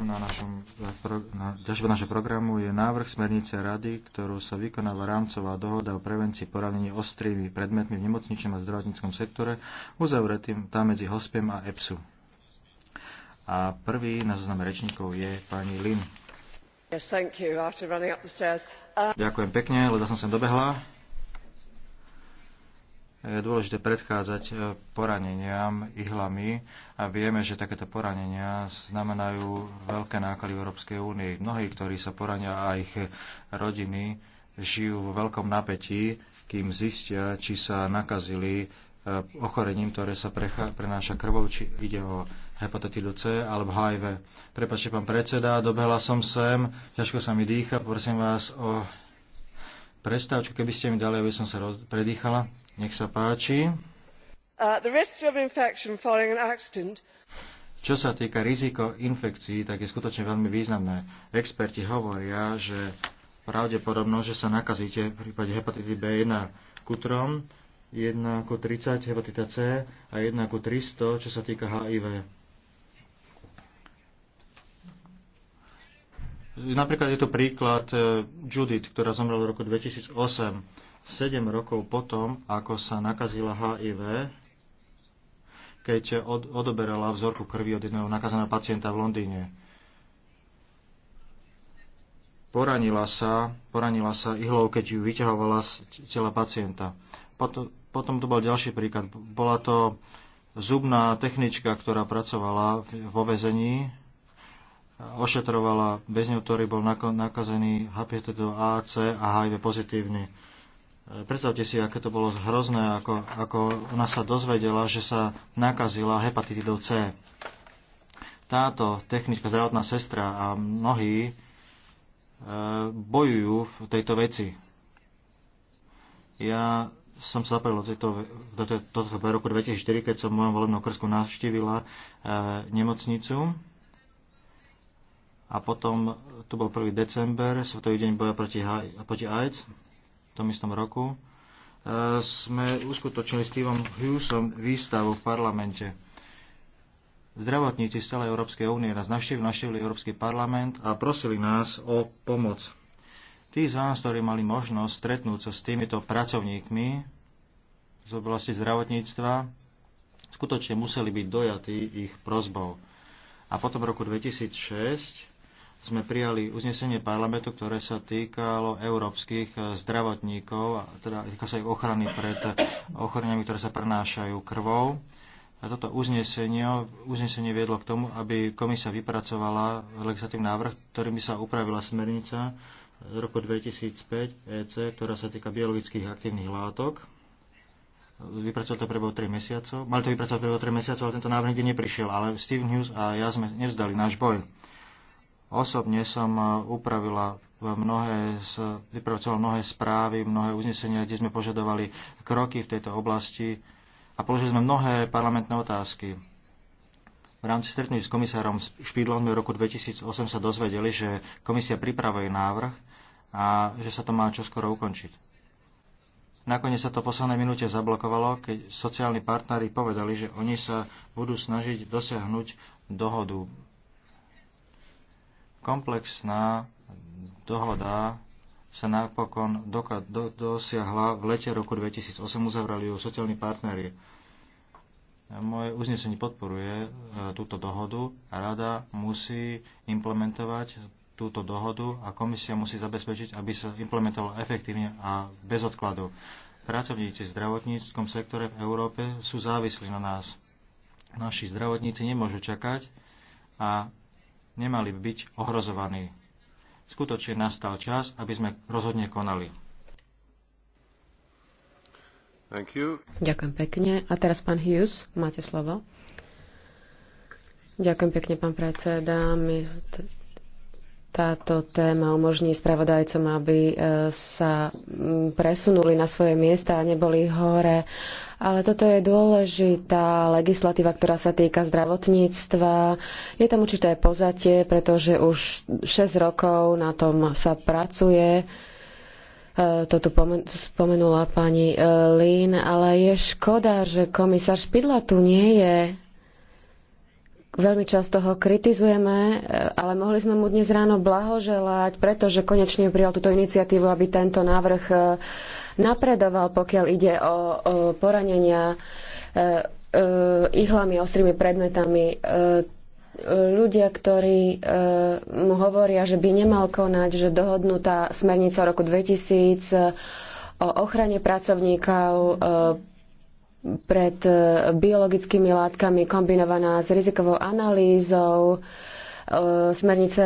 na našom, na na našom programu je návrh smernice rady, ktorú sa vykonáva rámcová dohoda o prevencii poranení ostrými predmetmi v nemocničnom a zdravotníckom sektore, uzavretým tá medzi HOSPEM a EPSu. A prvý na zozname rečníkov je pani Lin. Yes, thank you. After running up the stairs. Uh... Ďakujem pekne, lebo som sem dobehla je dôležité predchádzať e, poraneniam ihlami a vieme, že takéto poranenia znamenajú veľké náklady v Európskej únii. Mnohí, ktorí sa porania a ich rodiny, žijú vo veľkom napätí, kým zistia, či sa nakazili e, ochorením, ktoré sa prenáša krvou, či ide o hepatitidu C alebo HIV. Prepačte, pán predseda, dobehla som sem, ťažko sa mi dýcha, prosím vás o prestávku, keby ste mi dali, aby som sa roz... predýchala. Nech sa páči. Uh, čo sa týka riziko infekcií, tak je skutočne veľmi významné. Experti hovoria, že pravdepodobnosť, že sa nakazíte v prípade hepatity B1 kutrom, 1 ku 30 hepatita C a 1 ku 300, čo sa týka HIV. Napríklad je to príklad eh, Judith, ktorá zomrela v roku 2008 7 rokov potom, ako sa nakazila HIV, keď od, odoberala vzorku krvi od jedného nakazaného pacienta v Londýne. Poranila sa, poranila sa ihlou, keď ju vyťahovala z tela pacienta. Potom, potom to bol ďalší príklad. Bola to zubná technička, ktorá pracovala vo vezení, ošetrovala väzňov, ktorý bol nakazený hepatitidou A, a HIV pozitívny. Predstavte si, aké to bolo hrozné, ako, ako ona sa dozvedela, že sa nakazila hepatitidou C. Táto technická zdravotná sestra a mnohí e, bojujú v tejto veci. Ja som sa zapojil do, do, do tohto roku 2004, keď som v mojom volebnom okrsku navštívila e, nemocnicu. A potom tu bol 1. december, svetový deň boja proti, proti AIDS v tom istom roku e, sme uskutočnili s Stevom Hughesom výstavu v parlamente. Zdravotníci z celej Európskej únie nás navštívili, navštívili Európsky parlament a prosili nás o pomoc. Tí z vás, ktorí mali možnosť stretnúť sa s týmito pracovníkmi z oblasti zdravotníctva, skutočne museli byť dojatí ich prozbou. A potom v roku 2006 sme prijali uznesenie parlamentu, ktoré sa týkalo európskych e, zdravotníkov, a teda týka sa ich ochrany pred e, ochoreniami, ktoré sa prenášajú krvou. A toto uznesenie, uznesenie viedlo k tomu, aby komisia vypracovala legislatívny návrh, ktorým by sa upravila smernica z roku 2005 EC, ktorá sa týka biologických aktívnych látok. Vypracoval to prebehu 3 mesiacov. Mali to vypracovať prebehu 3 mesiacov, ale tento návrh nikdy neprišiel. Ale Steve Hughes a ja sme nevzdali náš boj. Osobne som eh, upravila mnohé, vypracoval mnohé správy, mnohé uznesenia, kde sme požadovali kroky v tejto oblasti a položili sme mnohé parlamentné otázky. V rámci stretnutí s komisárom Špídlom v roku 2008 sa dozvedeli, že komisia pripravuje návrh a že sa to má čoskoro ukončiť. Nakoniec sa to v poslednej minúte zablokovalo, keď sociálni partnery povedali, že oni sa budú snažiť dosiahnuť dohodu Komplexná dohoda sa napokon doka- do- dosiahla v lete roku 2008, uzavrali ju sociálni partnery. Moje uznesenie podporuje e, túto dohodu a rada musí implementovať túto dohodu a komisia musí zabezpečiť, aby sa implementovala efektívne a bez odkladu. Pracovníci v zdravotníckom sektore v Európe sú závislí na nás. Naši zdravotníci nemôžu čakať a nemali byť ohrozovaní. Skutočne nastal čas, aby sme rozhodne konali. Thank you. Ďakujem pekne. A teraz pán Hughes, máte slovo. Ďakujem pekne, pán predseda. My táto téma umožní spravodajcom, aby e, sa presunuli na svoje miesta a neboli hore. Ale toto je dôležitá legislatíva, ktorá sa týka zdravotníctva. Je tam určité pozatie, pretože už 6 rokov na tom sa pracuje e, to tu spomenula pani e, Lín, ale je škoda, že komisár Špidla tu nie je veľmi často ho kritizujeme, e, ale mohli sme mu dnes ráno blahoželať, pretože konečne prijal túto iniciatívu, aby tento návrh e, napredoval, pokiaľ ide o, poranenia e, ihlami, ostrými predmetami. Ľudia, ktorí mu hovoria, že by nemal konať, že dohodnutá smernica roku 2000 o ochrane pracovníkov pred e, biologickými látkami kombinovaná s rizikovou analýzou e, smernice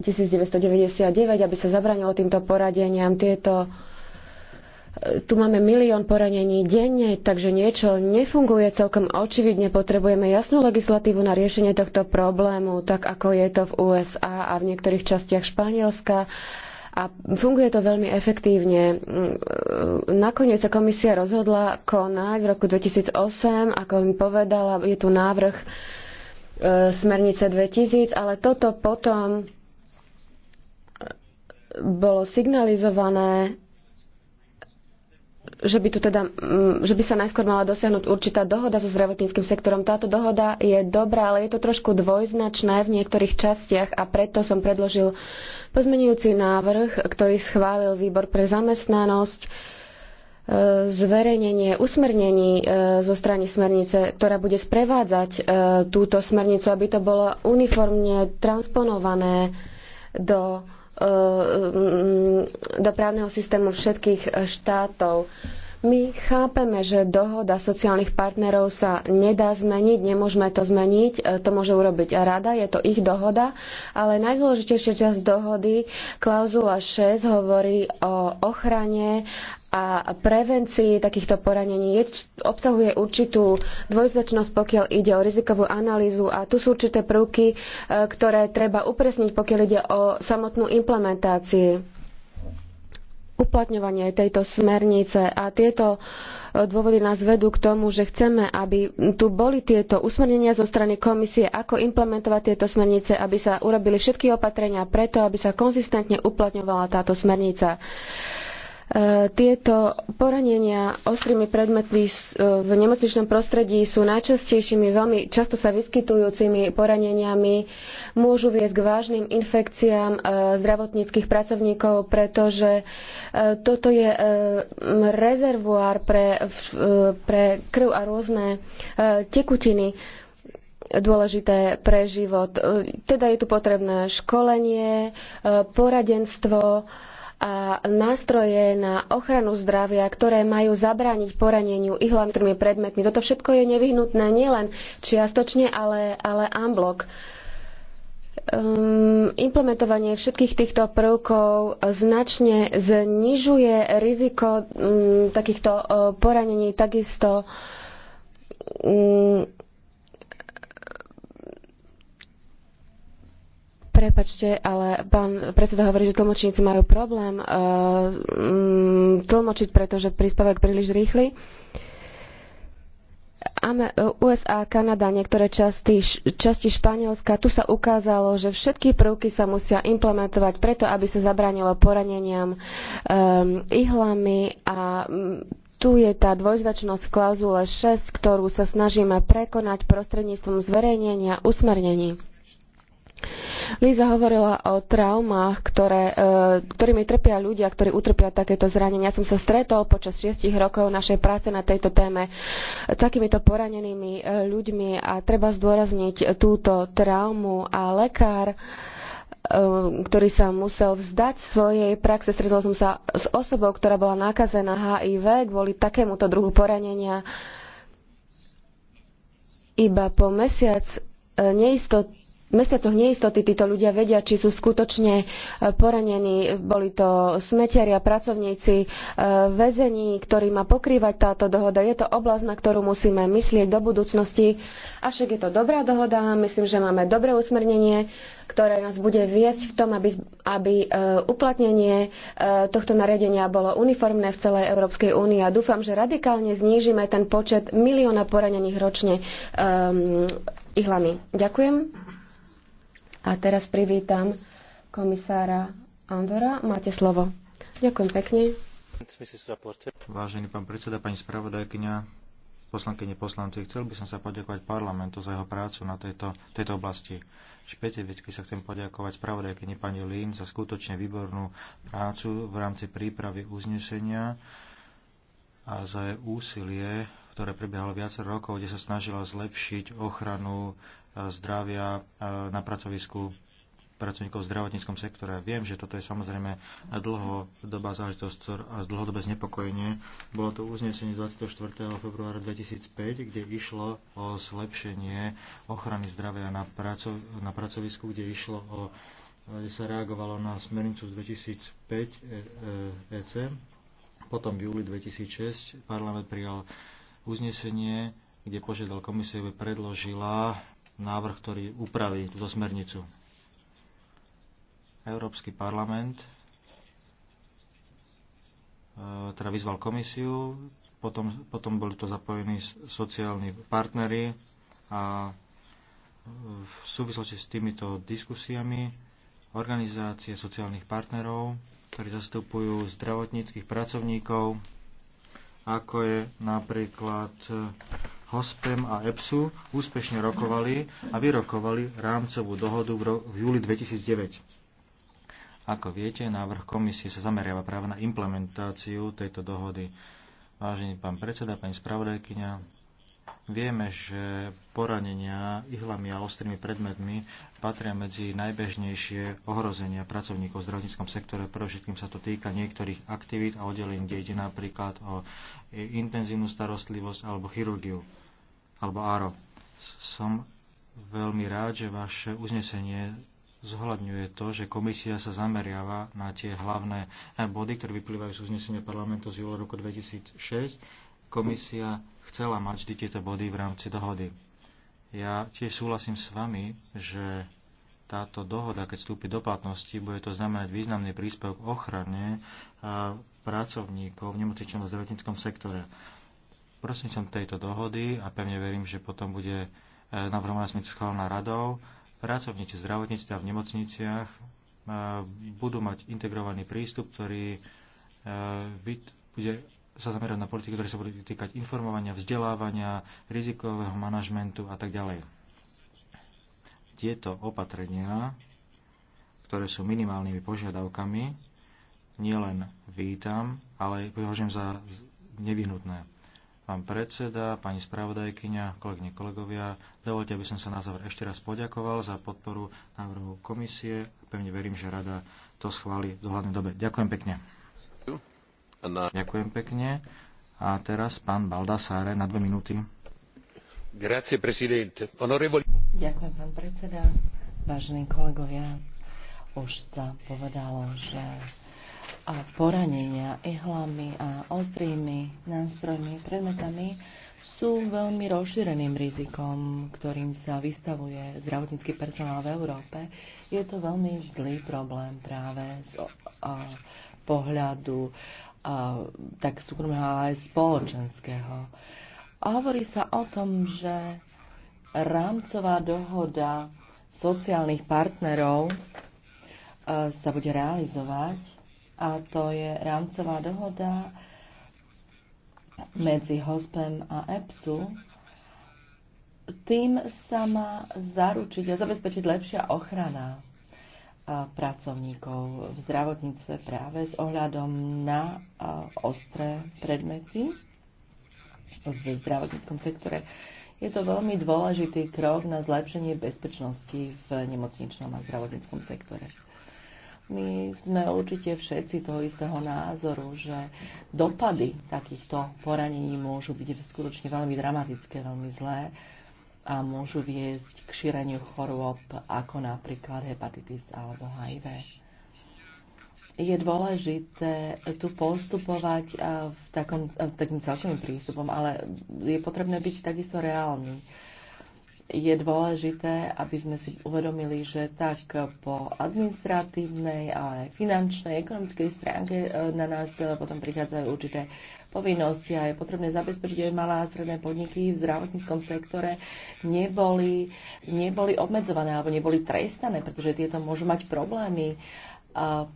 1999, e, aby sa zabranilo týmto poradeniam. Tieto, tu máme milión poranení denne, takže niečo nefunguje celkom očividne. Potrebujeme jasnú legislatívu na riešenie tohto problému, tak ako je to v USA a v niektorých častiach Španielska a funguje to veľmi efektívne. Nakoniec sa komisia rozhodla konať v roku 2008, ako mi povedala, je tu návrh e, smernice 2000, ale toto potom bolo signalizované že by, tu teda, mm, že by sa najskôr mala dosiahnuť určitá dohoda so zdravotníckým sektorom. Táto dohoda je dobrá, ale je to trošku dvojznačné v niektorých častiach a preto som predložil pozmenujúci návrh, ktorý schválil výbor pre zamestnanosť e, zverejnenie usmernení e, zo strany smernice, ktorá bude sprevádzať e, túto smernicu, aby to bolo uniformne transponované do Eh, mm, do právneho systému všetkých štátov. My chápeme, že dohoda sociálnych partnerov sa nedá zmeniť, nemôžeme to zmeniť, eh, to môže urobiť rada, je to ich dohoda, ale najdôležitejšia časť dohody, klauzula 6, hovorí o ochrane a prevencii takýchto poranení je, obsahuje určitú dvojznačnosť, pokiaľ ide o rizikovú analýzu a tu sú určité prvky, e, ktoré treba upresniť, pokiaľ ide o samotnú implementáciu uplatňovanie tejto smernice a tieto e, dôvody nás vedú k tomu, že chceme, aby tu boli tieto usmernenia zo strany komisie, ako implementovať tieto smernice, aby sa urobili všetky opatrenia preto, aby sa konzistentne uplatňovala táto smernica. Uh, tieto poranenia ostrými predmetmi e, v nemocničnom prostredí sú najčastejšími, veľmi často sa vyskytujúcimi poraneniami. Môžu viesť k vážnym infekciám e, zdravotníckých pracovníkov, pretože e, toto je rezervoár pre, pre krv a rôzne tekutiny dôležité pre život. Teda je tu potrebné školenie, poradenstvo, a nástroje na ochranu zdravia, ktoré majú zabrániť poraneniu ihlantými predmetmi. Toto všetko je nevyhnutné nielen čiastočne, ale, ale unblock. Um, implementovanie všetkých týchto prvkov značne znižuje riziko um, takýchto uh, poranení, takisto um, Prepačte, ale pán predseda hovorí, že tlmočníci majú problém uh, tlmočiť, pretože príspevok príliš rýchly. Eh, USA, Kanada, niektoré časti, časti Španielska, tu sa ukázalo, že všetky prvky sa musia implementovať preto, aby sa zabránilo poraneniam um, ihlami a mm, tu je tá dvojznačnosť klauzule 6, ktorú sa snažíme prekonať prostredníctvom zverejnenia usmernení. Líza hovorila o traumách, ktoré, e, ktorými trpia ľudia, ktorí utrpia takéto zranenia. Ja som sa stretol počas šiestich rokov našej práce na tejto téme s takýmito poranenými e, ľuďmi a treba zdôrazniť túto traumu a lekár e, ktorý sa musel vzdať svojej praxe. Stretol som sa s osobou, ktorá bola nakazená HIV kvôli takémuto druhu poranenia. Iba po mesiac neistot mesiacoch neistoty títo ľudia vedia, či sú skutočne e, poranení. Boli to a pracovníci, e, väzení, ktorý má pokrývať táto dohoda. Je to oblasť, na ktorú musíme myslieť do budúcnosti. Avšak je to dobrá dohoda, myslím, že máme dobré usmernenie, ktoré nás bude viesť v tom, aby, aby e, uplatnenie tohto nariadenia bolo uniformné v celej Európskej únii. A dúfam, že radikálne znížime ten počet milióna poranených ročne um, ihlami. Ďakujem. A teraz privítam komisára Andora. Máte slovo. Ďakujem pekne. Vážený pán predseda, pani spravodajkynia, poslankyne poslanci, chcel by som sa poďakovať parlamentu za jeho prácu na tejto, tejto oblasti. Špecificky sa chcem poďakovať spravodajkyni pani Lín za skutočne výbornú prácu v rámci prípravy uznesenia a za jej úsilie ktoré prebiehalo viacero rokov, kde sa snažila zlepšiť ochranu e, zdravia e, na pracovisku pracovníkov v zdravotníckom sektore. Viem, že toto je samozrejme dlhodobá záležitosť a dlhodobé znepokojenie. Bolo to uznesenie 24. februára 2005, kde išlo o zlepšenie ochrany zdravia na, pracov- na pracovisku, kde išlo o kde sa reagovalo na smernicu 2005 EC. E, Potom v júli 2006 parlament prijal uznesenie, kde požiadal komisiu, aby predložila návrh, ktorý upraví túto smernicu. Európsky parlament e, teda vyzval komisiu, potom, potom boli to zapojení sociálni partnery a v súvislosti s týmito diskusiami organizácie sociálnych partnerov, ktorí zastupujú zdravotníckých pracovníkov, ako je napríklad e, HOSPEM a EPSU, úspešne rokovali a vyrokovali rámcovú dohodu v, ro- v júli 2009. Ako viete, návrh komisie sa zameriava práve na implementáciu tejto dohody. Vážený pán predseda, pani spravodajkyňa, Vieme, že poranenia ihlami a ostrými predmetmi patria medzi najbežnejšie ohrozenia pracovníkov v zdravotníckom sektore. všetkým sa to týka niektorých aktivít a oddelení, kde ide napríklad o intenzívnu starostlivosť alebo chirurgiu, alebo áro. Som veľmi rád, že vaše uznesenie zohľadňuje to, že komisia sa zameriava na tie hlavné body, ktoré vyplývajú z uznesenia parlamentu z júla roku 2006 komisia chcela mať vždy tieto body v rámci dohody. Ja tiež súhlasím s vami, že táto dohoda, keď vstúpi do platnosti, bude to znamenať významný príspevok k ochrane pracovníkov v nemocničnom a zdravotníckom sektore. Prosím som tejto dohody a pevne verím, že potom bude e, navrhovaná smica schválená radou. Pracovníci zdravotníctva v nemocniciach e, budú mať integrovaný prístup, ktorý e, bude sa zamerať na politiky, ktoré sa budú týkať informovania, vzdelávania, rizikového manažmentu a tak ďalej. Tieto opatrenia, ktoré sú minimálnymi požiadavkami, nielen vítam, ale považujem za nevyhnutné. Pán predseda, pani spravodajkyňa, kolegyne, kolegovia, dovolte, aby som sa na záver ešte raz poďakoval za podporu návrhu komisie. Pevne verím, že rada to schváli v dohľadnej dobe. Ďakujem pekne. Ďakujem pekne. A teraz pán Baldasáre na dve minúty. Ďakujem, pán predseda. Vážení kolegovia, už sa povedalo, že a poranenia ihlami a ostrými nástrojmi, predmetami sú veľmi rozšíreným rizikom, ktorým sa vystavuje zdravotnícky personál v Európe. Je to veľmi zlý problém práve z a, pohľadu tak súkromného, ale aj spoločenského. A hovorí sa o tom, že rámcová dohoda sociálnych partnerov sa bude realizovať a to je rámcová dohoda medzi HOSPEM a EPSu. Tým sa má zaručiť a zabezpečiť lepšia ochrana pracovníkov v zdravotníctve práve s ohľadom na ostré predmety v zdravotníckom sektore. Je to veľmi dôležitý krok na zlepšenie bezpečnosti v nemocničnom a zdravotníckom sektore. My sme určite všetci toho istého názoru, že dopady takýchto poranení môžu byť skutočne veľmi dramatické, veľmi zlé a môžu viesť k šíreniu chorôb ako napríklad hepatitis alebo HIV. Je dôležité tu postupovať eh, v takom, v eh, takým celkovým prístupom, ale je potrebné byť takisto reálny je dôležité, aby sme si uvedomili, že tak po administratívnej, ale aj finančnej, ekonomickej stránke e, na nás e, potom prichádzajú určité povinnosti a je potrebné zabezpečiť, aby malé a stredné podniky v zdravotníckom sektore neboli, neboli obmedzované alebo neboli trestané, pretože tieto môžu mať problémy,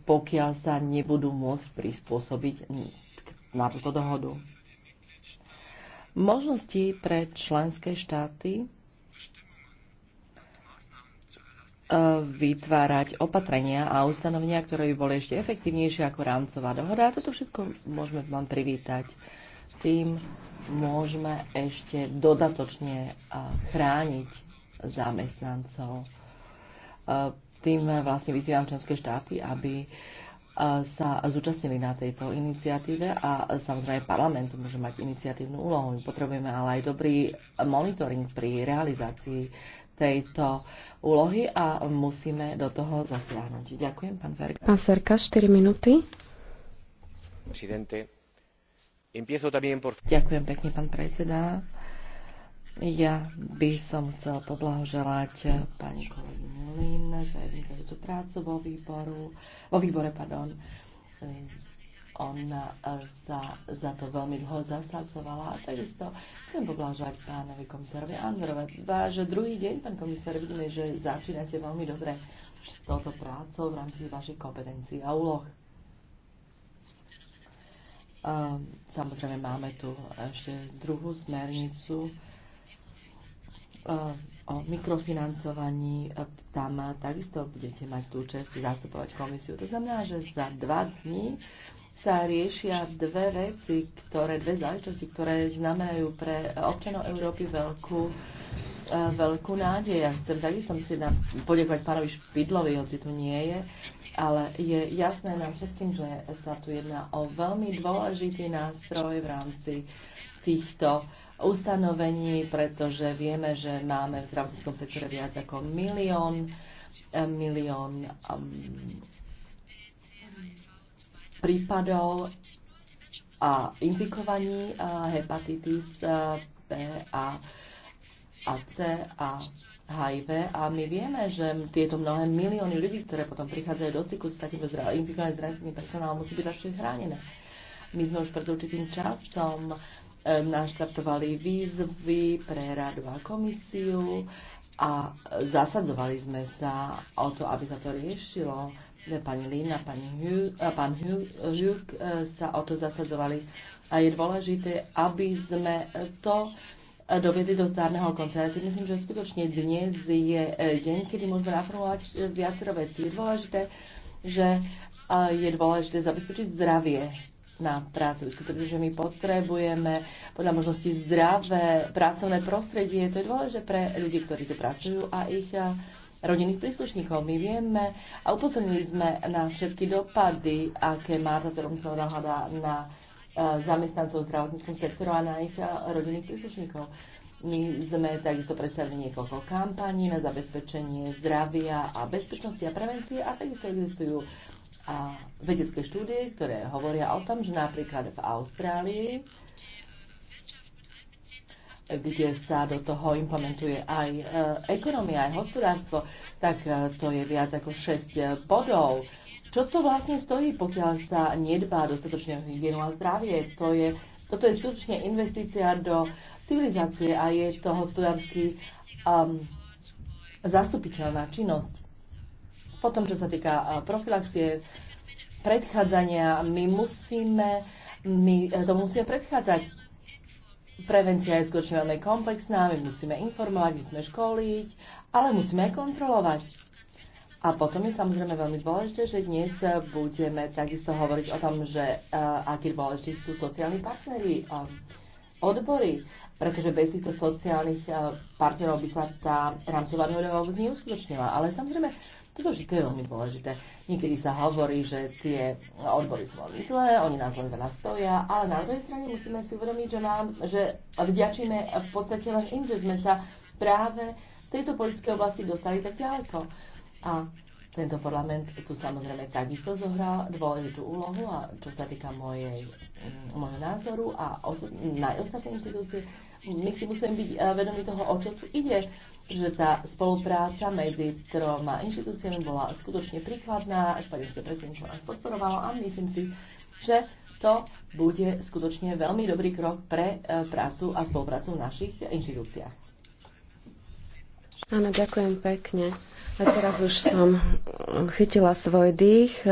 pokiaľ sa nebudú môcť prispôsobiť na túto dohodu. Možnosti pre členské štáty vytvárať opatrenia a ustanovenia, ktoré by boli ešte efektívnejšie ako rámcová dohoda. A toto všetko môžeme vám privítať. Tým môžeme ešte dodatočne chrániť zamestnancov. Tým vlastne vyzývam členské štáty, aby sa zúčastnili na tejto iniciatíve a samozrejme parlament môže mať iniciatívnu úlohu. My potrebujeme ale aj dobrý monitoring pri realizácii tejto úlohy a musíme do toho zasiahnuť. Ďakujem, pán Ferka. Pán Serka, 4 minúty. Ďakujem pekne, pán predseda. Ja by som chcel poblahoželať pani Kolín za jej prácu vo výboru, vo výbore, pardon ona sa za to veľmi dlho zasadzovala. A takisto chcem poblážať pánovi komisárovi Androvi. Váš druhý deň, pán komisár, vidíme, že začínate veľmi dobre touto prácou v rámci vašich kompetencií a úloh. Samozrejme máme tu ešte druhú smernicu o mikrofinancovaní, tam takisto budete mať tú čest zastupovať komisiu. To znamená, že za dva dní sa riešia dve veci, ktoré, dve záležitosti, ktoré znamenajú pre občanov Európy veľkú, e, veľkú nádej. Ja chcem takisto myslieť na podiekovať pánovi Špidlovi, hoci tu nie je, ale je jasné nám všetkým, že sa tu jedná o veľmi dôležitý nástroj v rámci týchto ustanovení, pretože vieme, že máme v zdravotníckom sektore viac ako milión, milión um, prípadov a infikovaní a hepatitis B a, a C a HIV a my vieme, že tieto mnohé milióny ľudí, ktoré potom prichádzajú do styku s takýmto zdra- infikovaným zdravotným personálom, musí byť lepšie chránené. My sme už pred určitým časom e, naštartovali výzvy pre radu a komisiu a zasadzovali sme sa o to, aby sa to riešilo pani Lin a pani Hugh, a pán Hugh, Hugh e, sa o to zasadzovali. A je dôležité, aby sme to e, dovedli do zdárneho konca. Ja si myslím, že skutočne dnes je e, deň, kedy môžeme naformulovať viacero vecí. Je dôležité, že je dôležité zabezpečiť zdravie na pracovisku, pretože my potrebujeme podľa možnosti zdravé pracovné prostredie. To je dôležité pre ľudí, ktorí tu pracujú a ich rodinných príslušníkov. My vieme a upozornili sme na všetky dopady, aké má táto rovnicová dohoda na e, zamestnancov v zdravotníckom sektoru a na ich e, rodinných príslušníkov. My sme takisto predstavili niekoľko kampaní na zabezpečenie zdravia a bezpečnosti a prevencie a takisto existujú a vedecké štúdie, ktoré hovoria o tom, že napríklad v Austrálii kde sa do toho implementuje aj e, ekonomia, aj hospodárstvo, tak e, to je viac ako 6 e, bodov. Čo to vlastne stojí, pokiaľ sa nedbá dostatočne hygienu a zdravie? To je, toto je skutočne investícia do civilizácie a je to hospodársky um, zastupiteľná činnosť. Potom, čo sa týka profilaxie, predchádzania, my musíme, my to musíme predchádzať Prevencia je skutočne veľmi komplexná, my musíme informovať, musíme školiť, ale musíme aj kontrolovať. A potom je samozrejme veľmi dôležité, že dnes budeme takisto hovoriť o tom, že uh, akí dôležití sú sociálni partneri, uh, odbory, pretože bez týchto sociálnych uh, partnerov by sa tá rámcová dohoda vôbec neuskutočnila. Ale samozrejme, toto všetko je veľmi dôležité. Niekedy sa hovorí, že tie odbory sú veľmi zlé, oni nás len veľa stoja, ale na druhej strane musíme si uvedomiť, že, nám, že vďačíme v podstate len im, že sme sa práve v tejto politickej oblasti dostali tak ďaleko. A tento parlament tu samozrejme takisto zohral dôležitú úlohu a čo sa týka mojej, mm, môjho názoru a os- na ostatné inštitúcie, my si musíme byť eh, vedomi toho, o čo tu ide že tá spolupráca medzi troma inštitúciami bola skutočne príkladná, španielské predsedníctvo nás podporovalo a myslím si, že to bude skutočne veľmi dobrý krok pre e, prácu a spoluprácu v našich inštitúciách. Áno, ďakujem pekne. A teraz už som chytila svoj dých. E,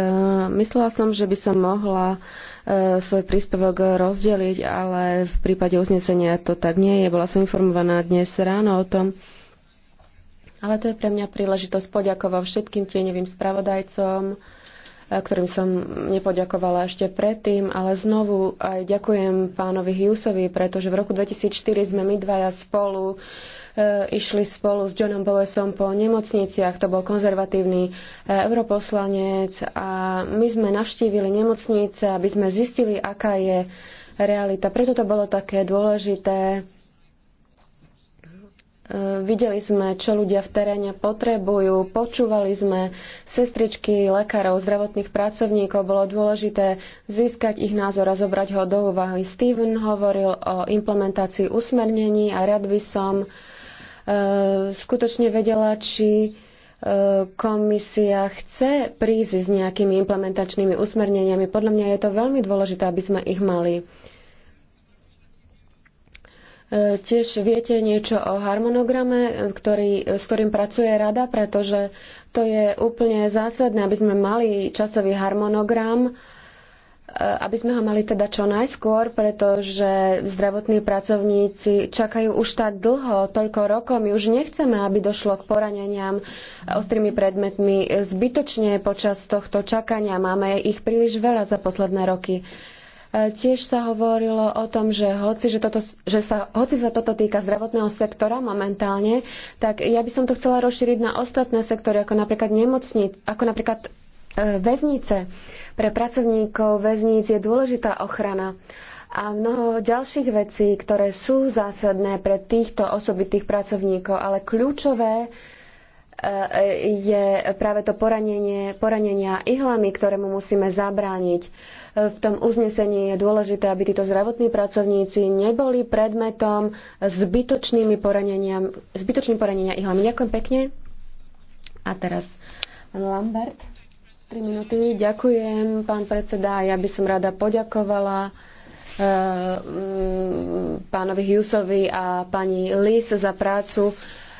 myslela som, že by som mohla e, svoj príspevok rozdeliť, ale v prípade uznesenia to tak nie je. Bola som informovaná dnes ráno o tom, ale to je pre mňa príležitosť poďakovať všetkým tieňovým spravodajcom, e, ktorým som nepoďakovala ešte predtým, ale znovu aj ďakujem pánovi Hughesovi, pretože v roku 2004 sme my dvaja spolu e, išli spolu s Johnom Bowesom po nemocniciach. To bol konzervatívny e, europoslanec a my sme navštívili nemocnice, aby sme zistili, aká je realita. Preto to bolo také dôležité E, videli sme, čo ľudia v teréne potrebujú, počúvali sme sestričky, lekárov, zdravotných pracovníkov. Bolo dôležité získať ich názor a zobrať ho do úvahy. Steven hovoril o implementácii usmernení a rád by som e, skutočne vedela, či e, komisia chce prísť s nejakými implementačnými usmerneniami. Podľa mňa je to veľmi dôležité, aby sme ich mali. Tiež viete niečo o harmonograme, ktorý, s ktorým pracuje rada, pretože to je úplne zásadné, aby sme mali časový harmonogram, e, aby sme ho mali teda čo najskôr, pretože zdravotní pracovníci čakajú už tak dlho, toľko rokov. My už nechceme, aby došlo k poraneniam ostrými predmetmi. Zbytočne počas tohto čakania máme ich príliš veľa za posledné roky. Tiež sa hovorilo o tom, že hoci, že toto, že sa, hoci sa toto týka zdravotného sektora momentálne, tak ja by som to chcela rozšíriť na ostatné sektory, ako napríklad nemocní, ako napríklad e, väznice. Pre pracovníkov väzníc je dôležitá ochrana a mnoho ďalších vecí, ktoré sú zásadné pre týchto osobitých pracovníkov, ale kľúčové e, je práve to poranenie, poranenia ihlami, ktorému musíme zabrániť v tom uznesení je dôležité, aby títo zdravotní pracovníci neboli predmetom zbytočnými poraneniam, zbytočným poranenia ihlami. Ďakujem pekne. A teraz pán Lambert. 3 minúty. Ďakujem, pán predseda. Ja by som rada poďakovala eh, pánovi Hughesovi a pani Lis za prácu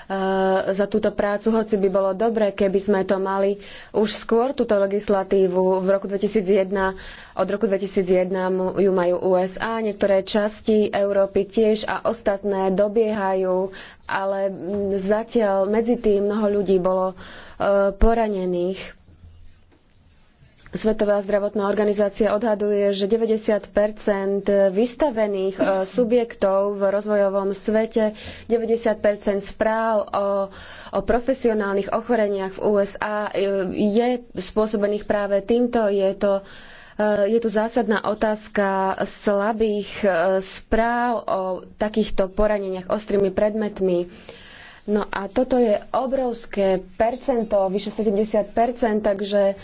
Eh, za túto prácu, hoci by bolo dobre, keby sme to mali už skôr túto legislatívu. V roku 2001, od roku 2001 ju majú USA, niektoré časti Európy tiež a ostatné dobiehajú, ale zatiaľ medzi tým mnoho ľudí bolo eh, poranených Svetová zdravotná organizácia odhaduje, že 90 vystavených e, subjektov v rozvojovom svete, 90 správ o, o profesionálnych ochoreniach v USA e, je spôsobených práve týmto. Je, to, e, je tu zásadná otázka slabých správ o takýchto poraneniach ostrými predmetmi. No a toto je obrovské percento, vyše 70%, takže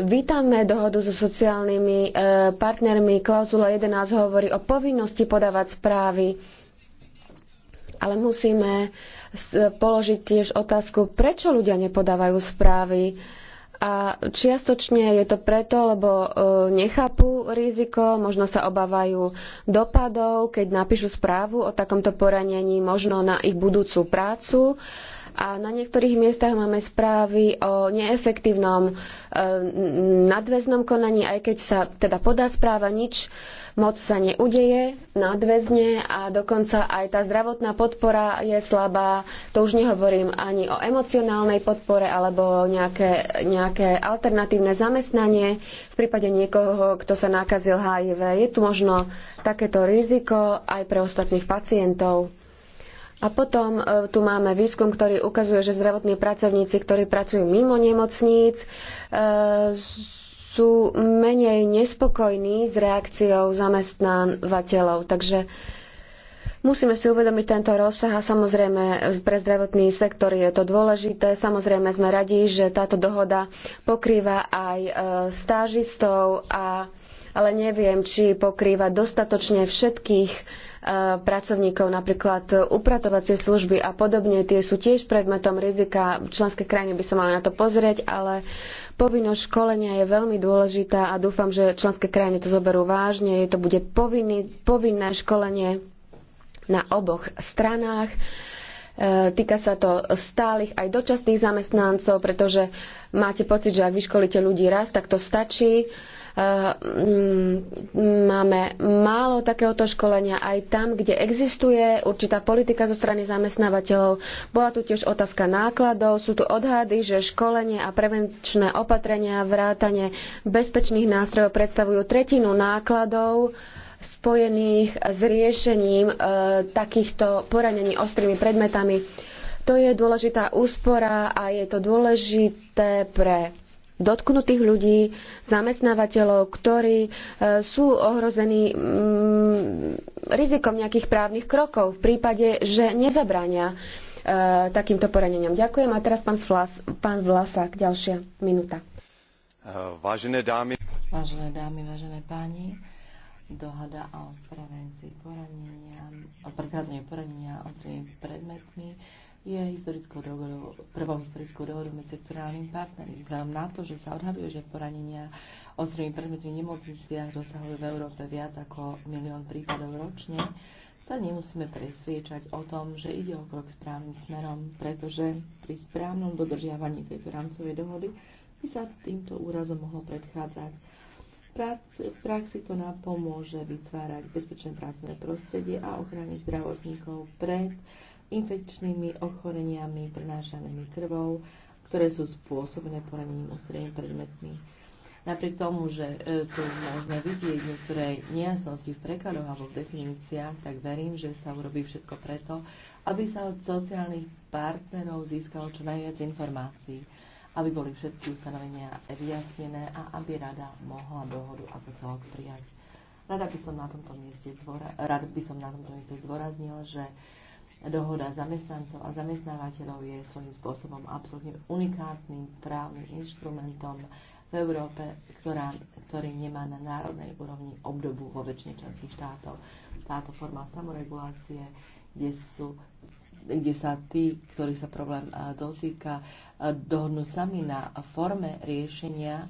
vítame dohodu so sociálnymi e, partnermi. Klauzula 11 hovorí o povinnosti podávať správy, ale musíme e, položiť tiež otázku, prečo ľudia nepodávajú správy. E, a čiastočne je to preto, lebo e, nechápu riziko, možno sa obávajú dopadov, keď napíšu správu o takomto poranení, možno na ich budúcu prácu. A na niektorých miestach máme správy o neefektívnom e, nadväznom konaní, aj keď sa teda podá správa, nič moc sa neudeje nadväzne a dokonca aj tá zdravotná podpora je slabá. To už nehovorím ani o emocionálnej podpore alebo nejaké, nejaké alternatívne zamestnanie. V prípade niekoho, kto sa nakazil HIV, je tu možno takéto riziko aj pre ostatných pacientov. A potom e, tu máme výskum, ktorý ukazuje, že zdravotní pracovníci, ktorí pracujú mimo nemocníc, e sú menej nespokojní s reakciou zamestnávateľov. Takže Musíme si uvedomiť tento rozsah a samozrejme pre zdravotný sektor je to dôležité. Samozrejme sme radi, že táto dohoda pokrýva aj e, stážistov a ale neviem, či pokrýva dostatočne všetkých e, pracovníkov, napríklad upratovacie služby a podobne, tie sú tiež predmetom rizika. Členské krajiny by sa mali na to pozrieť, ale povinnosť školenia je veľmi dôležitá a dúfam, že členské krajiny to zoberú vážne. Je to bude povinný, povinné školenie na oboch stranách. E, týka sa to stálych aj dočasných zamestnancov, pretože máte pocit, že ak vyškolíte ľudí raz, tak to stačí. Eh, mm, máme málo takéhoto školenia aj tam, kde existuje určitá politika zo strany zamestnávateľov. Bola tu tiež otázka nákladov. Sú tu odhady, že školenie a prevenčné opatrenia vrátane bezpečných nástrojov predstavujú tretinu nákladov spojených s riešením e, takýchto poranení ostrými predmetami. To je dôležitá úspora a je to dôležité pre dotknutých ľudí, zamestnávateľov, ktorí e, sú ohrození mm, rizikom nejakých právnych krokov v prípade, že nezabránia e, takýmto poraneniam. Ďakujem. A teraz pán, Vlas, pán Vlasák, ďalšia minúta. Vážené dámy. Vážené dámy, vážené páni, dohada o prevencii poranenia, o predchádzaniu poranenia ostrými predmetmi je historickou dohodou, prvou historickou dohodou medzi sektorálnym partnerom. Vzhľadom na to, že sa odhaduje, že poranenia ostrými predmetmi v nemocniciach dosahujú v Európe viac ako milión prípadov ročne, sa nemusíme presviečať o tom, že ide o krok správnym smerom, pretože pri správnom dodržiavaní tejto rámcovej dohody by sa týmto úrazom mohlo predchádzať. V praxi to nám pomôže vytvárať bezpečné pracovné prostredie a ochrany zdravotníkov pred infekčnými ochoreniami prenášanými krvou, ktoré sú spôsobené poranením ústrednými predmetmi. Napriek tomu, že e, tu môžeme vidieť niektoré nejasnosti v prekladoch alebo v definíciách, tak verím, že sa urobí všetko preto, aby sa od sociálnych partnerov získalo čo najviac informácií, aby boli všetky ustanovenia vyjasnené a aby rada mohla dohodu ako celok prijať. Rada by som na tomto mieste, zdôra- rada by som na tomto mieste zdôraznil, že dohoda zamestnancov a zamestnávateľov je svojím spôsobom absolútne unikátnym právnym inštrumentom v Európe, ktorá, ktorý nemá na národnej úrovni obdobu vo väčšine členských štátov. Táto forma samoregulácie, kde, sú, kde sa tí, ktorí sa problém eh, dotýka, eh, dohodnú sami na forme riešenia,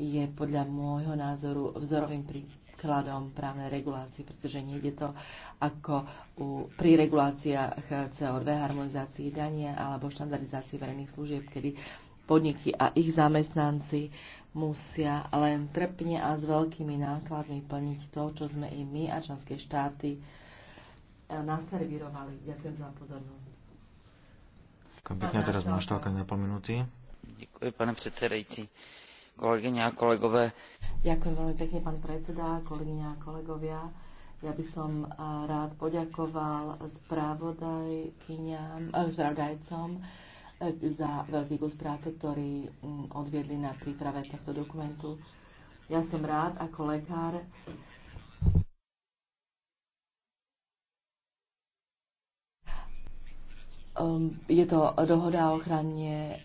je podľa môjho názoru vzorovým základom právnej regulácie, pretože nejde to ako u, pri reguláciách CO2, harmonizácii dania alebo štandardizácii verejných služieb, kedy podniky a ich zamestnanci musia len trpne a s veľkými nákladmi plniť to, čo sme i my a členské štáty e, naservírovali. Ďakujem za pozornosť. Ďakujem pekne, teraz mám na pol minúty. Ďakujem, pane predsedajúci kolegyne a kolegové. Ďakujem veľmi pekne, pán predseda, kolegyňa a kolegovia. Ja by som eh, rád poďakoval spravodajkyňam, eh, eh, za veľký kus práce, ktorý mm, odviedli na príprave tohto dokumentu. Ja som rád ako lekár, ehm, je to dohoda o ochrane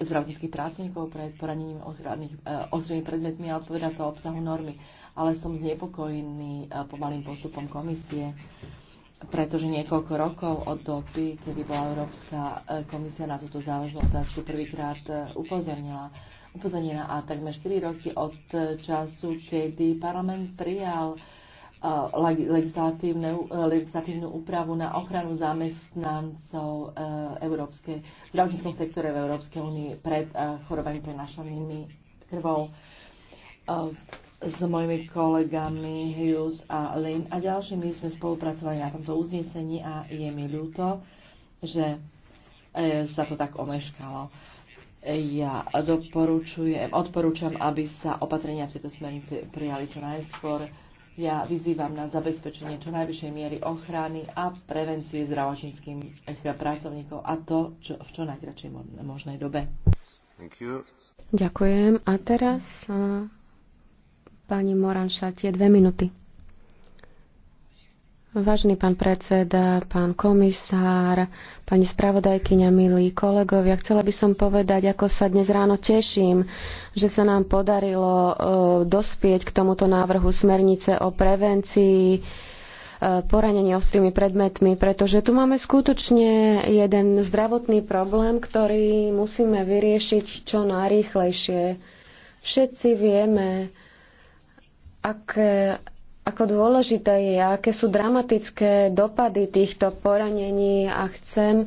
zdravotníckých pracovníkov pred poradením ochranných, e, predmetmi a odpoveda to obsahu normy. Ale som znepokojený e, pomalým postupom komisie, pretože niekoľko rokov od doby, kedy bola Európska e, komisia na túto závažnú otázku prvýkrát upozornila, upozornená a takmer 4 roky od času, kedy parlament prijal uh, legislatívnu, legislatívnu e, úpravu na ochranu zamestnancov e, európskej, v zdravotníckom sektore v Európskej únii pred e, chorobami prenašanými krvou s mojimi kolegami Hughes a Lynn a ďalšími sme spolupracovali na tomto uznesení a je mi ľúto, že sa to tak omeškalo. Ja doporučujem, odporúčam, aby sa opatrenia v tejto smernici prijali čo najskôr ja vyzývam na zabezpečenie čo najvyššej miery ochrany a prevencie zdravotníckým eh, pracovníkov a to čo, v čo najkračej možnej dobe. Ďakujem. A teraz uh, pani Moranšatie, dve minúty. Vážený pán predseda, pán komisár, pani spravodajkyňa, milí kolegovia, chcela by som povedať, ako sa dnes ráno teším, že sa nám podarilo e, dospieť k tomuto návrhu smernice o prevencii e, poranenia ostrými predmetmi, pretože tu máme skutočne jeden zdravotný problém, ktorý musíme vyriešiť čo najrýchlejšie. Všetci vieme, aké ako dôležité je, aké sú dramatické dopady týchto poranení a chcem e,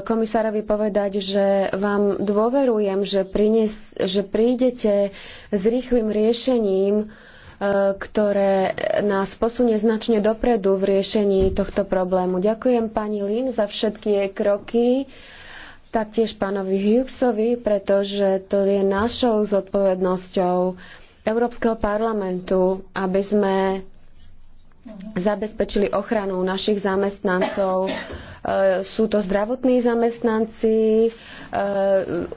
komisárovi povedať, že vám dôverujem, že, prines, že prídete s rýchlým riešením, e, ktoré nás posunie značne dopredu v riešení tohto problému. Ďakujem pani Lin za všetky jej kroky, taktiež pánovi Hughesovi, pretože to je našou zodpovednosťou Európskeho parlamentu, aby sme zabezpečili ochranu našich zamestnancov. E, sú to zdravotní zamestnanci, e,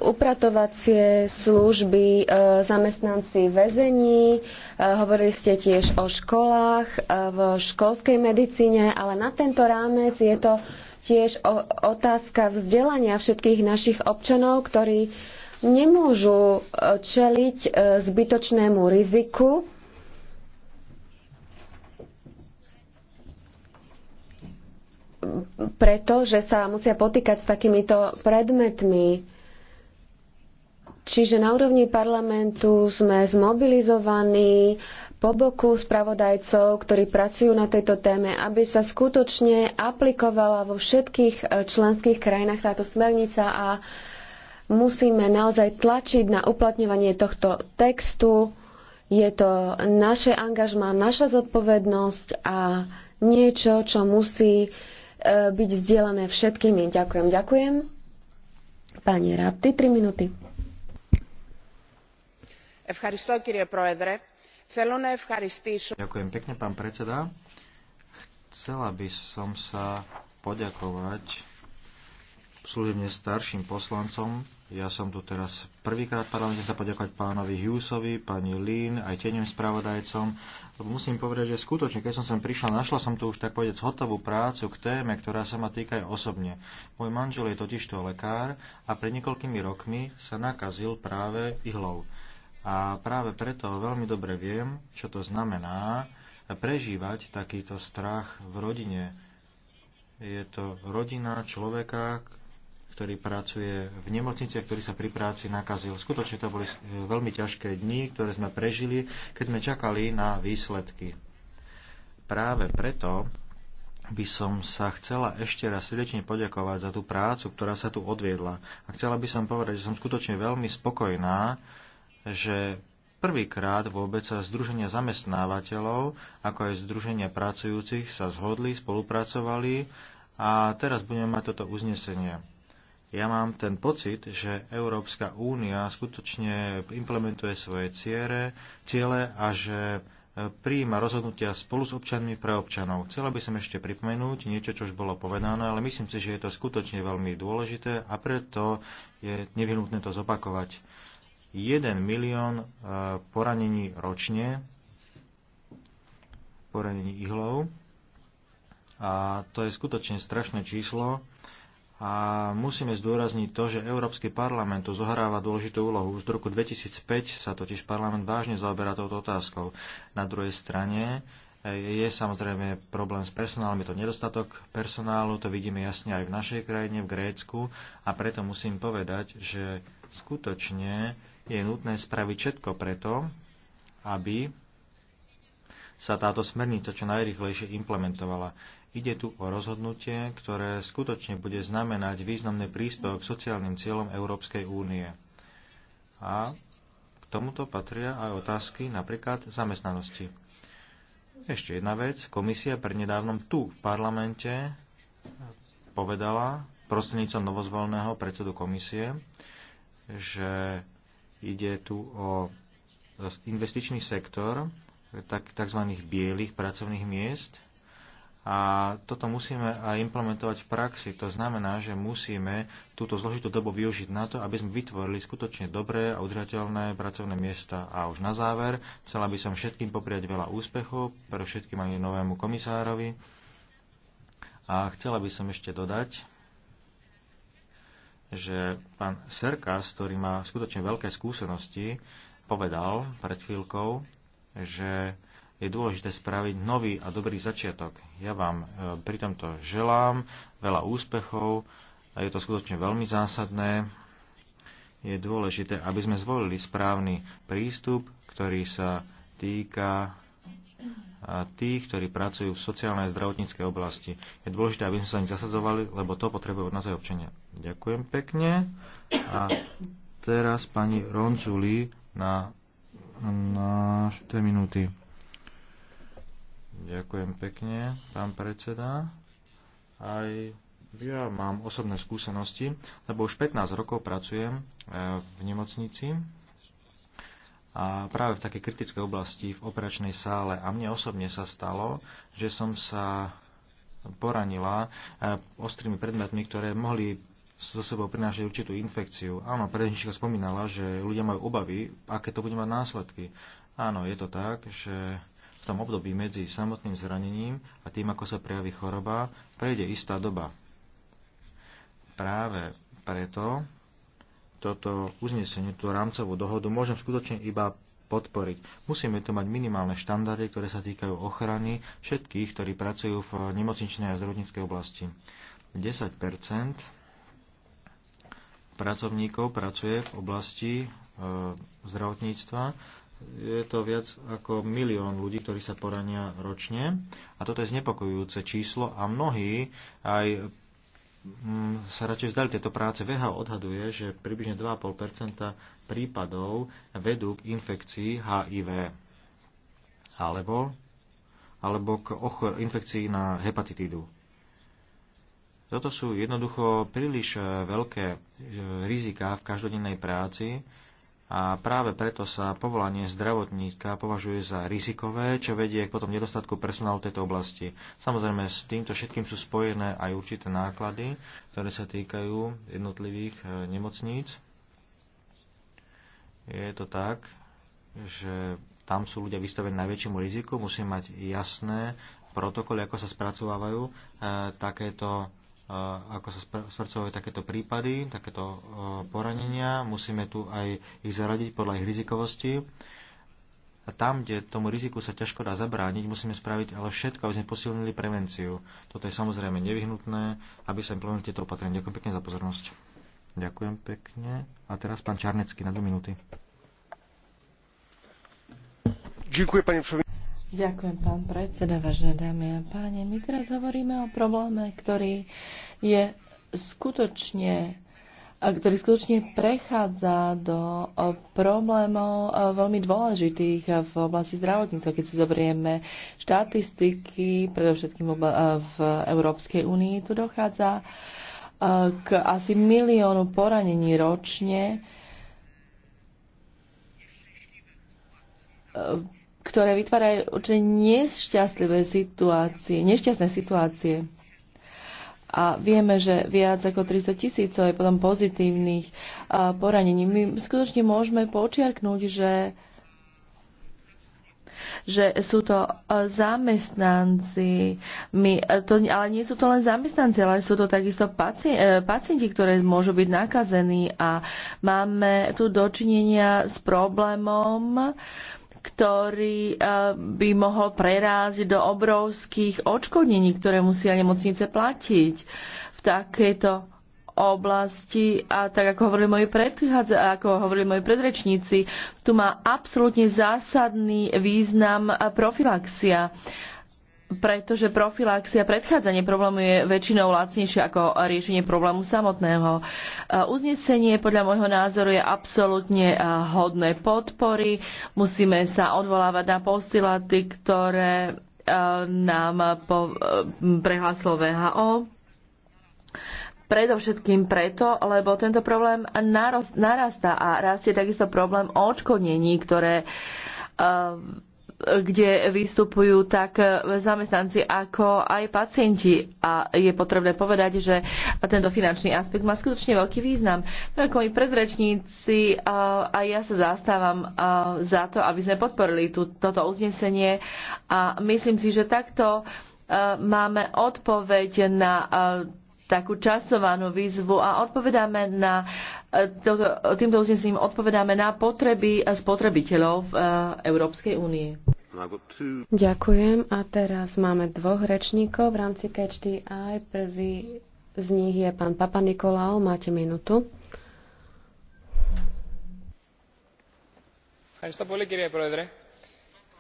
upratovacie služby, e, zamestnanci väzení. Hovorili ste tiež o školách, v školskej medicíne, ale na tento rámec je to tiež otázka vzdelania všetkých našich občanov, ktorí nemôžu e, čeliť e, zbytočnému riziku, preto, že sa musia potýkať s takýmito predmetmi. Čiže na úrovni parlamentu sme zmobilizovaní po boku spravodajcov, ktorí pracujú na tejto téme, aby sa skutočne aplikovala vo všetkých e, členských krajinách táto smernica a musíme naozaj tlačiť na uplatňovanie tohto textu. Je to naše angažma, naša zodpovednosť a niečo, čo musí e, byť vzdielané všetkými. Ďakujem, ďakujem. Pani Rapti, 3 minúty. Ďakujem pekne, pán predseda. Chcela by som sa poďakovať služebne starším poslancom. Ja som tu teraz prvýkrát v parlamente sa poďakovať pánovi Hughesovi, pani Lín, aj teniem spravodajcom. Musím povedať, že skutočne, keď som sem prišla, našla som tu už tak povedať hotovú prácu k téme, ktorá sa ma týka aj osobne. Môj manžel je totižto lekár a pred niekoľkými rokmi sa nakazil práve ihlou. A práve preto veľmi dobre viem, čo to znamená prežívať takýto strach v rodine. Je to rodina človeka, ktorý pracuje v nemocnici a ktorý sa pri práci nakazil. Skutočne to boli e, veľmi ťažké dni, ktoré sme prežili, keď sme čakali na výsledky. Práve preto by som sa chcela ešte raz srdečne poďakovať za tú prácu, ktorá sa tu odviedla. A chcela by som povedať, že som skutočne veľmi spokojná, že prvýkrát vôbec sa Združenia zamestnávateľov, ako aj Združenia pracujúcich sa zhodli, spolupracovali a teraz budeme mať toto uznesenie ja mám ten pocit, že Európska únia skutočne implementuje svoje ciere, ciele a že e, príjima rozhodnutia spolu s občanmi pre občanov. Chcela by som ešte pripomenúť niečo, čo už bolo povedané, ale myslím si, že je to skutočne veľmi dôležité a preto je nevyhnutné to zopakovať. 1 milión e, poranení ročne, poranení ihlov. a to je skutočne strašné číslo, a musíme zdôrazniť to, že Európsky parlament tu zohráva dôležitú úlohu. Už z roku 2005 sa totiž parlament vážne zaoberá touto otázkou. Na druhej strane e, je samozrejme problém s personálom, je to nedostatok personálu, to vidíme jasne aj v našej krajine, v Grécku a preto musím povedať, že skutočne je nutné spraviť všetko preto, aby sa táto smernica čo najrychlejšie implementovala. Ide tu o rozhodnutie, ktoré skutočne bude znamenať významný príspevok k sociálnym cieľom Európskej únie. A k tomuto patria aj otázky napríklad zamestnanosti. Ešte jedna vec. Komisia prednedávnom tu v parlamente povedala prostrednícom novozvoleného predsedu komisie, že ide tu o investičný sektor tak, tzv. bielých pracovných miest a toto musíme aj implementovať v praxi. To znamená, že musíme túto zložitú dobu využiť na to, aby sme vytvorili skutočne dobré a udržateľné pracovné miesta. A už na záver, chcela by som všetkým popriať veľa úspechov, pre všetkým aj novému komisárovi. A chcela by som ešte dodať, že pán Serkas, ktorý má skutočne veľké skúsenosti, povedal pred chvíľkou, že je dôležité spraviť nový a dobrý začiatok. Ja vám e, pri tomto želám veľa úspechov a je to skutočne veľmi zásadné. Je dôležité, aby sme zvolili správny prístup, ktorý sa týka tých, ktorí pracujú v sociálnej a zdravotníckej oblasti. Je dôležité, aby sme sa nich zasadzovali, lebo to potrebujú od nás aj občania. Ďakujem pekne. A teraz pani Ronculi na, na 4 minúty. Ďakujem pekne, pán predseda. Aj ja mám osobné skúsenosti, lebo už 15 rokov pracujem e, v nemocnici a práve v takej kritickej oblasti v operačnej sále. A mne osobne sa stalo, že som sa poranila e, ostrými predmetmi, ktoré mohli so sebou prinášať určitú infekciu. Áno, prednička spomínala, že ľudia majú obavy, aké to bude mať následky. Áno, je to tak, že v tom období medzi samotným zranením a tým, ako sa prejaví choroba, prejde istá doba. Práve preto toto uznesenie, tú rámcovú dohodu môžem skutočne iba podporiť. Musíme tu mať minimálne štandardy, ktoré sa týkajú ochrany všetkých, ktorí pracujú v nemocničnej a zdravotníckej oblasti. 10 pracovníkov pracuje v oblasti e, zdravotníctva je to viac ako milión ľudí, ktorí sa porania ročne. A toto je znepokojujúce číslo a mnohí aj mm, sa radšej vzdali tejto práce. VH odhaduje, že približne 2,5 prípadov vedú k infekcii HIV alebo, alebo k ochor- infekcii na hepatitídu. Toto sú jednoducho príliš e, veľké e, riziká v každodennej práci, a práve preto sa povolanie zdravotníka považuje za rizikové, čo vedie k potom nedostatku personálu v tejto oblasti. Samozrejme, s týmto všetkým sú spojené aj určité náklady, ktoré sa týkajú jednotlivých e, nemocníc. Je to tak, že tam sú ľudia vystavení najväčšiemu riziku, musí mať jasné protokoly, ako sa spracovávajú e, takéto ako sa spracovajú takéto prípady, takéto e, poranenia. Musíme tu aj ich zaradiť podľa ich rizikovosti. A tam, kde tomu riziku sa ťažko dá zabrániť, musíme spraviť ale všetko, aby sme posilnili prevenciu. Toto je samozrejme nevyhnutné, aby sa implementovali tieto opatrenia. Ďakujem pekne za pozornosť. Ďakujem pekne. A teraz pán Čarnecký na dve minúty. Ďakujem, pani Ďakujem, pán predseda, vážené dámy a páni. My teraz hovoríme o probléme, ktorý je skutočne a ktorý skutočne prechádza do problémov veľmi dôležitých v oblasti zdravotníctva. Keď si zoberieme štatistiky, predovšetkým v Európskej únii, tu dochádza k asi miliónu poranení ročne ktoré vytvárajú určite nešťastlivé situácie, nešťastné situácie. A vieme, že viac ako 300 tisícov je potom pozitívnych poranení. My skutočne môžeme počiarknúť, že že sú to zamestnanci. My, to, ale nie sú to len zamestnanci, ale sú to takisto e, pacienti, pacienti ktoré môžu byť nakazení a máme tu dočinenia s problémom, ktorý eh, by mohol preráziť do obrovských odškodnení, ktoré musia nemocnice platiť v takejto oblasti a tak ako hovorili moji predchádza, ako hovorili moji predrečníci, tu má absolútne zásadný význam eh, profilaxia pretože profilaxia predchádzanie problému je väčšinou lacnejšie ako riešenie problému samotného. E, uznesenie podľa môjho názoru je absolútne e, hodné podpory. Musíme sa odvolávať na postilaty, ktoré e, nám po, prehlásilo VHO. Predovšetkým preto, lebo tento problém narastá a rastie takisto problém očkodnení, ktoré uh, kde vystupujú tak zamestnanci ako aj pacienti. A je potrebné povedať, že tento finančný aspekt má skutočne veľký význam. No ako my predrečníci, a ja sa zastávam za to, aby sme podporili tú, toto uznesenie a myslím si, že takto máme odpoveď na takú časovanú výzvu a odpovedáme na e, týmto uznesením odpovedáme na potreby spotrebiteľov v e, Európskej únii. Ďakujem a teraz máme dvoch rečníkov v rámci Catch aj Prvý z nich je pán Papa Nikolau, máte minútu. Ευχαριστώ πολύ κύριε Πρόεδρε.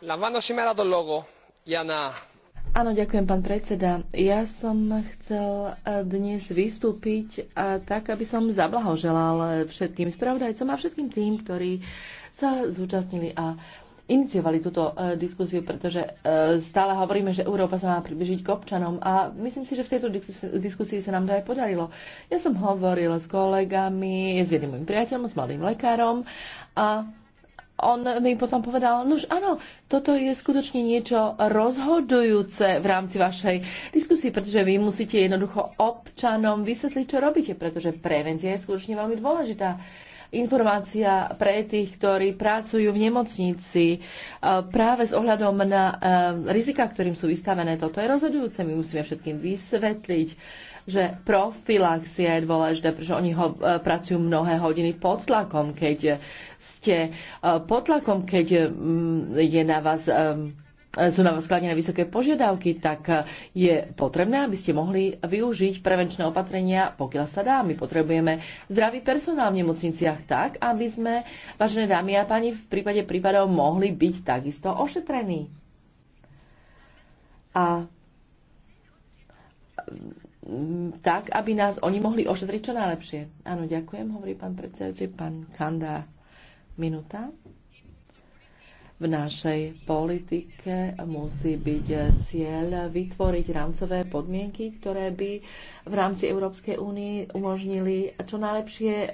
Λαμβάνω σήμερα το λόγο για να Áno, ďakujem, pán predseda. Ja som chcel e, dnes vystúpiť e, tak, aby som zablahoželal všetkým spravodajcom a všetkým tým, ktorí sa zúčastnili a iniciovali túto e, diskusiu, pretože stále hovoríme, že Európa sa má približiť k občanom a myslím si, že v tejto diskusii sa nám to aj podarilo. Ja som hovorila s kolegami, s jedným môjim priateľom, s mladým lekárom a on mi potom povedal, no už áno, toto je skutočne niečo rozhodujúce v rámci vašej diskusie, pretože vy musíte jednoducho občanom vysvetliť, čo robíte, pretože prevencia je skutočne veľmi dôležitá. Informácia pre tých, ktorí pracujú v nemocnici e, práve s ohľadom na e, rizika, ktorým sú vystavené, toto je rozhodujúce. My musíme všetkým vysvetliť, že profilaxia je dôležité, pretože oni ho, e, pracujú mnohé hodiny pod tlakom, keď e, ste e, pod tlakom, keď je na vás sú na vás kladené vysoké požiadavky, tak je potrebné, aby ste mohli využiť prevenčné opatrenia, pokiaľ sa dá. My potrebujeme zdravý personál v nemocniciach tak, aby sme, vážené dámy a páni, v prípade prípadov mohli byť takisto ošetrení. A tak, aby nás oni mohli ošetriť čo najlepšie. Áno, ďakujem, hovorí pán predsedajúci, pán Kanda. Minúta. V našej politike musí byť cieľ vytvoriť rámcové podmienky, ktoré by v rámci Európskej únie umožnili čo najlepšie e,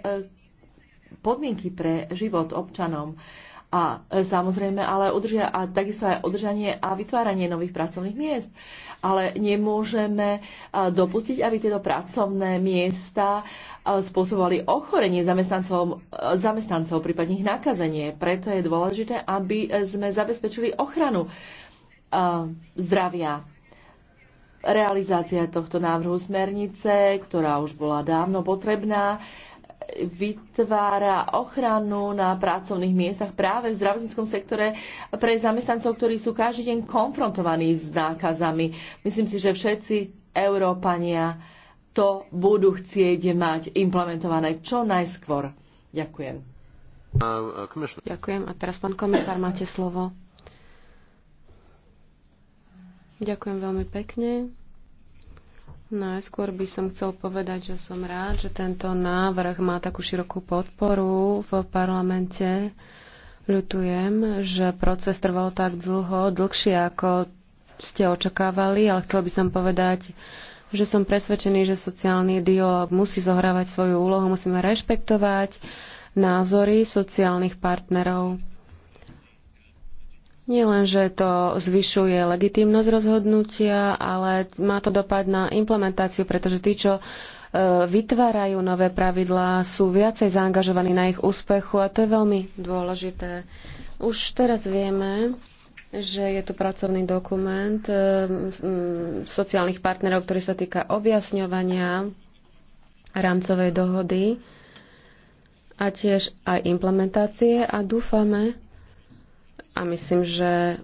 podmienky pre život občanom a samozrejme ale udržia, a takisto aj udržanie a vytváranie nových pracovných miest ale nemôžeme e, dopustiť, aby tieto pracovné miesta e, spôsobovali ochorenie zamestnancov, e, zamestnancov prípadne ich nakazenie. Preto je dôležité, aby sme zabezpečili ochranu zdravia realizácia tohto návrhu smernice, ktorá už bola dávno potrebná, vytvára ochranu na pracovných miestach práve v zdravotníckom sektore pre zamestnancov, ktorí sú každý deň konfrontovaní s nákazami. Myslím si, že všetci Európania to budú chcieť mať implementované čo najskôr. Ďakujem. Ďakujem. A teraz, pán komisár, máte slovo. Ďakujem veľmi pekne. Najskôr by som chcel povedať, že som rád, že tento návrh má takú širokú podporu v parlamente. Ľutujem, že proces trval tak dlho, dlhšie ako ste očakávali, ale chcel by som povedať, že som presvedčený, že sociálny dialog musí zohrávať svoju úlohu, musíme rešpektovať názory sociálnych partnerov. Nie len že to zvyšuje legitímnosť rozhodnutia, ale má to dopad na implementáciu, pretože tí, čo e, vytvárajú nové pravidlá, sú viacej zaangažovaní na ich úspechu a to je veľmi dôležité. Už teraz vieme, že je tu pracovný dokument e, sociálnych partnerov, ktorý sa týka objasňovania rámcovej dohody a tiež aj implementácie a dúfame, a myslím, že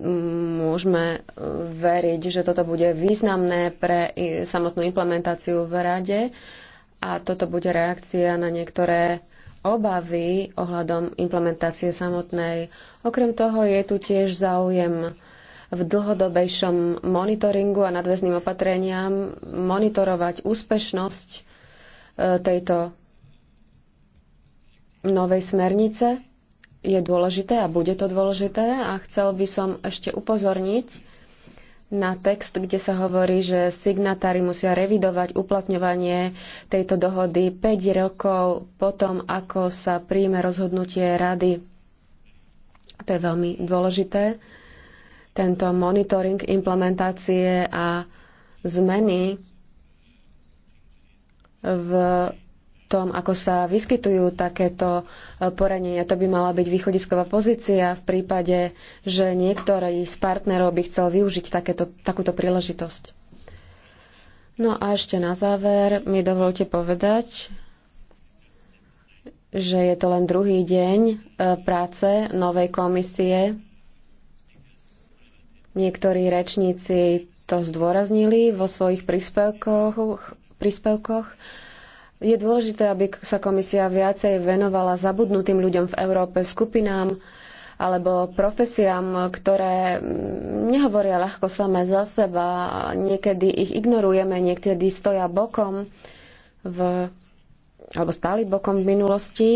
môžeme e, veriť, že toto bude významné pre samotnú implementáciu v Rade a toto bude reakcia na niektoré obavy ohľadom implementácie samotnej. Okrem toho je tu tiež záujem v dlhodobejšom monitoringu a nadväzným opatreniam monitorovať úspešnosť e, tejto novej smernice je dôležité a bude to dôležité a chcel by som ešte upozorniť na text, kde sa hovorí, že signatári musia revidovať uplatňovanie tejto dohody 5 rokov potom, ako sa príjme rozhodnutie rady. To je veľmi dôležité. Tento monitoring implementácie a zmeny v tom, ako sa vyskytujú takéto e, poranenia. To by mala byť východisková pozícia v prípade, že niektorý z partnerov by chcel využiť takéto, takúto príležitosť. No a ešte na záver mi dovolte povedať, že je to len druhý deň e, práce novej komisie. Niektorí rečníci to zdôraznili vo svojich príspevkoch, príspevkoch je dôležité, aby sa komisia viacej venovala zabudnutým ľuďom v Európe, skupinám alebo profesiám, ktoré nehovoria ľahko samé za seba. Niekedy ich ignorujeme, niekedy stoja bokom v, alebo stáli bokom v minulosti.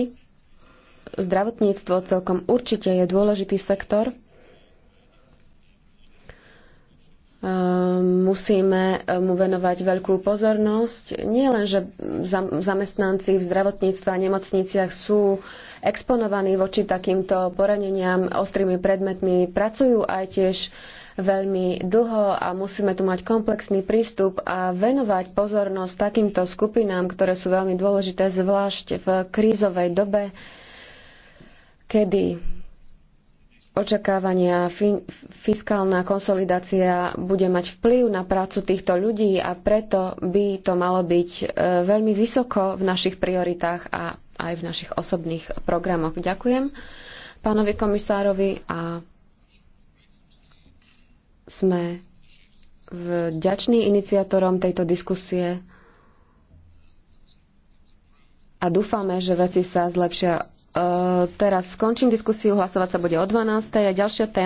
Zdravotníctvo celkom určite je dôležitý sektor Ehm, musíme e, mu venovať veľkú pozornosť. Nie len, že zamestnanci v zdravotníctve a nemocniciach sú exponovaní voči takýmto poraneniam ostrými predmetmi, pracujú aj tiež veľmi dlho a musíme tu mať komplexný prístup a venovať pozornosť takýmto skupinám, ktoré sú veľmi dôležité, zvlášť v krízovej dobe, kedy očakávania, fiskálna konsolidácia bude mať vplyv na prácu týchto ľudí a preto by to malo byť e, veľmi vysoko v našich prioritách a aj v našich osobných programoch. Ďakujem pánovi komisárovi a sme vďační iniciátorom tejto diskusie a dúfame, že veci sa zlepšia teraz skončím diskusiu, hlasovať sa bude o 12. A ďalšia téma